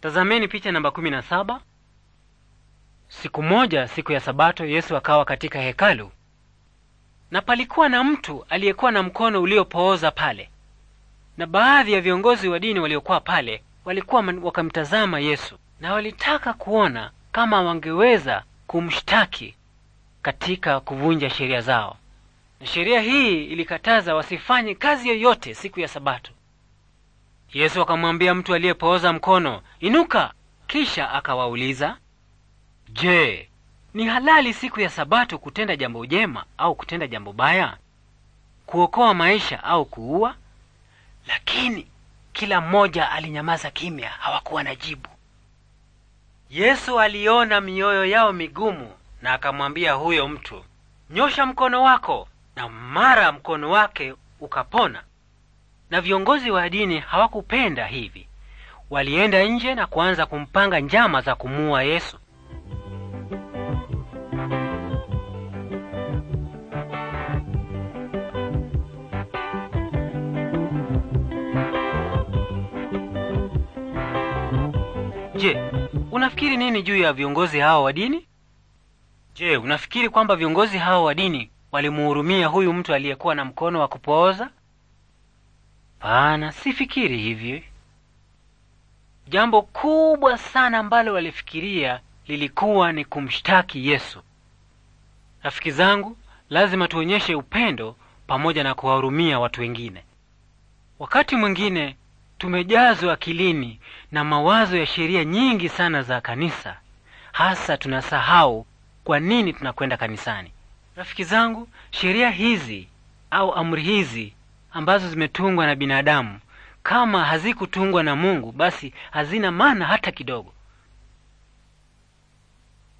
Tazameni picha namba kumi na saba. Siku moja siku ya Sabato, Yesu akawa katika hekalu, na palikuwa na mtu aliyekuwa na mkono uliopooza pale, na baadhi ya viongozi wa dini waliokuwa pale walikuwa wakamtazama Yesu na walitaka kuona kama wangeweza kumshtaki katika kuvunja sheria zao, na sheria hii ilikataza wasifanye kazi yoyote siku ya Sabato. Yesu akamwambia mtu aliyepooza mkono, inuka. Kisha akawauliza, je, ni halali siku ya Sabato kutenda jambo jema au kutenda jambo baya, kuokoa maisha au kuua? Lakini kila mmoja alinyamaza kimya, hawakuwa na jibu. Yesu aliona mioyo yao migumu na akamwambia huyo mtu, nyosha mkono wako, na mara mkono wake ukapona na viongozi wa dini hawakupenda hivi. Walienda nje na kuanza kumpanga njama za kumuua Yesu. Je, unafikiri nini juu ya viongozi hao wa dini? Je, unafikiri kwamba viongozi hao wa dini walimuhurumia huyu mtu aliyekuwa na mkono wa kupooza? Hapana, sifikiri hivyo. Jambo kubwa sana ambalo walifikiria lilikuwa ni kumshtaki Yesu. Rafiki zangu, lazima tuonyeshe upendo pamoja na kuwahurumia watu wengine. Wakati mwingine tumejazwa akilini na mawazo ya sheria nyingi sana za kanisa, hasa tunasahau kwa nini tunakwenda kanisani. Rafiki zangu, sheria hizi au amri hizi ambazo zimetungwa na binadamu kama hazikutungwa na Mungu, basi hazina maana hata kidogo.